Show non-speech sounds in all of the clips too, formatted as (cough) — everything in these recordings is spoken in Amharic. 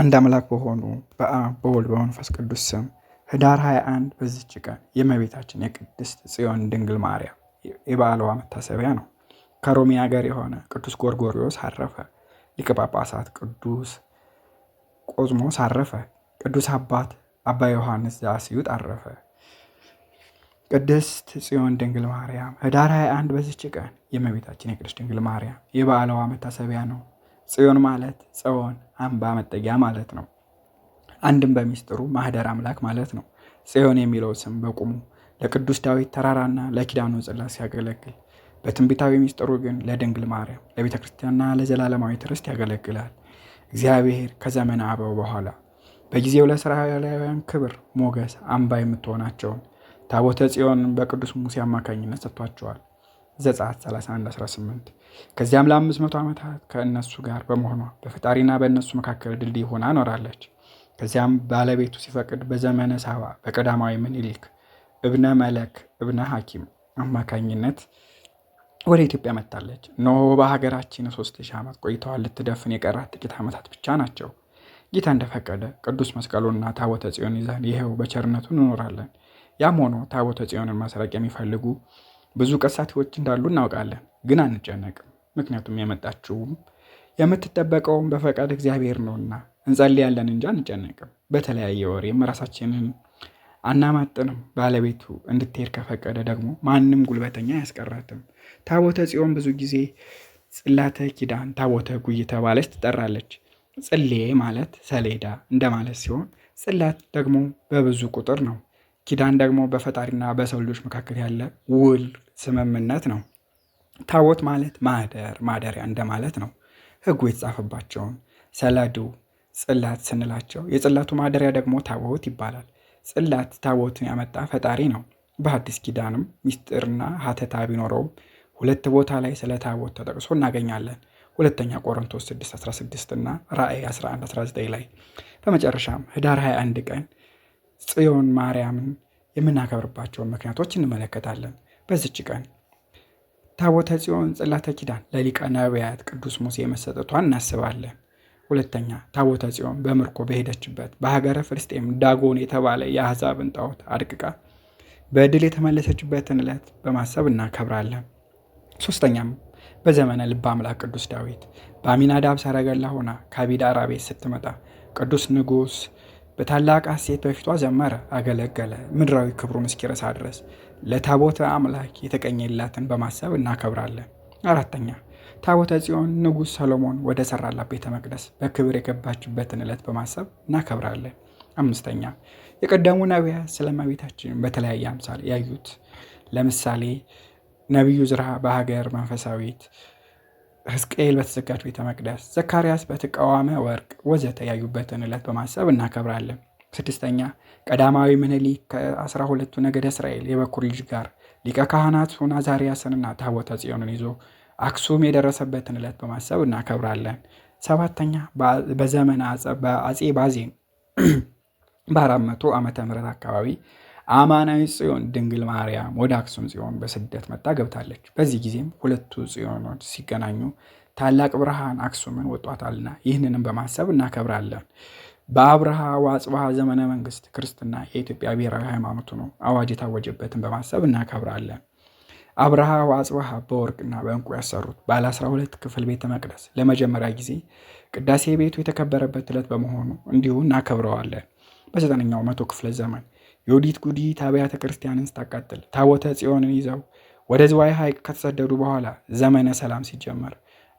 አንድ አምላክ በሆኑ በአብ በወልድ በመንፈስ ቅዱስ ስም ህዳር 21 በዚች ቀን የእመቤታችን የቅድስት ጽዮን ድንግል ማርያም የበዓልዋ መታሰቢያ ነው። ከሮሚ ሀገር የሆነ ቅዱስ ጎርጎሪዎስ አረፈ። ሊቀ ጳጳሳት ቅዱስ ቆዝሞስ አረፈ። ቅዱስ አባት አባ ዮሐንስ ዘአስዩጥ አረፈ። ቅድስት ጽዮን ድንግል ማርያም ህዳር 21 በዚች ቀን የእመቤታችን የቅድስት ድንግል ማርያም የበዓልዋ መታሰቢያ ነው። ጽዮን ማለት ጽዮን አምባ መጠጊያ ማለት ነው። አንድም በሚስጥሩ ማህደር አምላክ ማለት ነው። ጽዮን የሚለው ስም በቁሙ ለቅዱስ ዳዊት ተራራና ለኪዳኑ ጽላት ሲያገለግል፣ በትንቢታዊ ሚስጥሩ ግን ለድንግል ማርያም ለቤተ ክርስቲያንና ለዘላለማዊ ትርስት ያገለግላል። እግዚአብሔር ከዘመነ አበው በኋላ በጊዜው ለእስራኤላውያን ክብር ሞገስ አምባ የምትሆናቸውን ታቦተ ጽዮንን በቅዱስ ሙሴ አማካኝነት ሰጥቷቸዋል። ዘጸአት 31:18 ከዚያም ለ መቶ ዓመታት ከእነሱ ጋር በመሆኗ በፈጣሪና በእነሱ መካከል ድልድይ ሆና ኖራለች። ከዚያም ባለቤቱ ሲፈቅድ በዘመነ ሳባ በቀዳማዊ ምኒልክ እብነ መለክ እብነ ሐኪም አማካኝነት ወደ ኢትዮጵያ መጥታለች። እነሆ በሀገራችን ሶስት ሺህ ዓመት ቆይተዋል። ልትደፍን የቀራት ጥቂት ዓመታት ብቻ ናቸው። ጌታ እንደፈቀደ ቅዱስ መስቀሉና ታቦተ ጽዮን ይዘን ይኸው በቸርነቱ እንኖራለን። ያም ሆኖ ታቦተ ጽዮንን መስረቅ የሚፈልጉ ብዙ ቀሳቴዎች እንዳሉ እናውቃለን፣ ግን አንጨነቅም። ምክንያቱም የመጣችውም የምትጠበቀውም በፈቃድ እግዚአብሔር ነውና እንጸልያለን እንጂ አንጨነቅም። በተለያየ ወሬም ራሳችንን አናማጥንም። ባለቤቱ እንድትሄድ ከፈቀደ ደግሞ ማንም ጉልበተኛ አያስቀራትም። ታቦተ ጽዮን ብዙ ጊዜ ጽላተ ኪዳን፣ ታቦተ ጉይ ተባለች ትጠራለች። ጽሌ ማለት ሰሌዳ እንደማለት ሲሆን ጽላት ደግሞ በብዙ ቁጥር ነው። ኪዳን ደግሞ በፈጣሪና በሰው ልጆች መካከል ያለ ውል ስምምነት ነው። ታቦት ማለት ማደር ማደሪያ እንደማለት ነው። ሕጉ የተጻፈባቸውን ሰለዱ ጽላት ስንላቸው የጽላቱ ማደሪያ ደግሞ ታቦት ይባላል። ጽላት ታቦትን ያመጣ ፈጣሪ ነው። በሐዲስ ኪዳንም ሚስጢርና ሀተታ ቢኖረውም ሁለት ቦታ ላይ ስለ ታቦት ተጠቅሶ እናገኛለን። ሁለተኛ ቆሮንቶስ 616 እና ራእይ 1119 ላይ በመጨረሻም ህዳር 21 ቀን ጽዮን ማርያምን የምናከብርባቸውን ምክንያቶች እንመለከታለን። በዚች ቀን ታቦተ ጽዮን ጽላተ ኪዳን ለሊቀ ነቢያት ቅዱስ ሙሴ መሰጠቷን እናስባለን። ሁለተኛ ታቦተ ጽዮን በምርኮ በሄደችበት በሀገረ ፍልስጤም ዳጎን የተባለ የአሕዛብን ጣዖት አድቅቃ በድል የተመለሰችበትን ዕለት በማሰብ እናከብራለን። ሶስተኛም በዘመነ ልበ አምላክ ቅዱስ ዳዊት በአሚናዳብ ሰረገላ ሆና ከአቢዳራ ቤት ስትመጣ ቅዱስ ንጉሥ በታላቅ ሐሴት በፊቷ ዘመረ፣ አገለገለ፣ ምድራዊ ክብሩን እስኪረሳ ድረስ ለታቦተ አምላክ የተቀኘላትን በማሰብ እናከብራለን። አራተኛ ታቦተ ጽዮን ንጉሥ ሰሎሞን ወደ ሰራላት ቤተ መቅደስ በክብር የገባችበትን ዕለት በማሰብ እናከብራለን። አምስተኛ የቀደሙ ነቢያት ስለ እመቤታችን በተለያየ አምሳል ያዩት ለምሳሌ ነቢዩ ዝራ በሀገር መንፈሳዊት ሕዝቅኤል በተዘጋጅ ቤተ መቅደስ፣ ዘካርያስ በተቃዋመ ወርቅ ወዘተ ያዩበትን ዕለት በማሰብ እናከብራለን። ስድስተኛ ቀዳማዊ ምኒልክ ከአስራ ሁለቱ ነገደ እስራኤል የበኩር ልጅ ጋር ሊቀ ካህናቱን አዛርያስንና ታቦተ ጽዮንን ይዞ አክሱም የደረሰበትን ዕለት በማሰብ እናከብራለን። ሰባተኛ በዘመነ አጼ ባዜን (clears throat) በአራት መቶ ዓመተ ምህረት አካባቢ አማናዊ ጽዮን ድንግል ማርያም ወደ አክሱም ጽዮን በስደት መጣ ገብታለች። በዚህ ጊዜም ሁለቱ ጽዮኖች ሲገናኙ ታላቅ ብርሃን አክሱምን ወጧታልና ይህንንም በማሰብ እናከብራለን። በአብርሃ ወአጽብሃ ዘመነ መንግስት ክርስትና የኢትዮጵያ ብሔራዊ ሃይማኖቱ ነው። አዋጅ የታወጀበትን በማሰብ እናከብራለን። አብርሃ ወአጽብሃ በወርቅና በእንቁ ያሰሩት ባለ 12 ክፍል ቤተ መቅደስ ለመጀመሪያ ጊዜ ቅዳሴ ቤቱ የተከበረበት ዕለት በመሆኑ እንዲሁ እናከብረዋለን። በዘጠነኛው መቶ ክፍለ ዘመን የዮዲት ጉዲት አብያተ ክርስቲያንን ስታቃጥል ታቦተ ጽዮንን ይዘው ወደ ዝዋይ ሐይቅ ከተሰደዱ በኋላ ዘመነ ሰላም ሲጀመር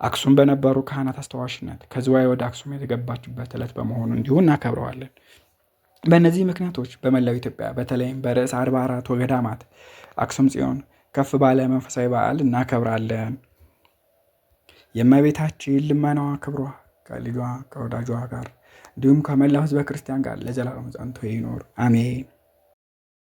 አክሱም በነበሩ ካህናት አስተዋሽነት ከዝዋይ ወደ አክሱም የተገባችበት ዕለት በመሆኑ እንዲሁ እናከብረዋለን። በእነዚህ ምክንያቶች በመላው ኢትዮጵያ በተለይም በርዕሰ አራት ወገዳማት አክሱም ጽዮን ከፍ ባለ መንፈሳዊ በዓል እናከብራለን። የእመቤታችን ልመናዋ ክብሯ ከልጇ ከወዳጇ ጋር እንዲሁም ከመላው ሕዝበ ክርስቲያን ጋር ለዘላለም ጸንቶ ይኖር አሜን።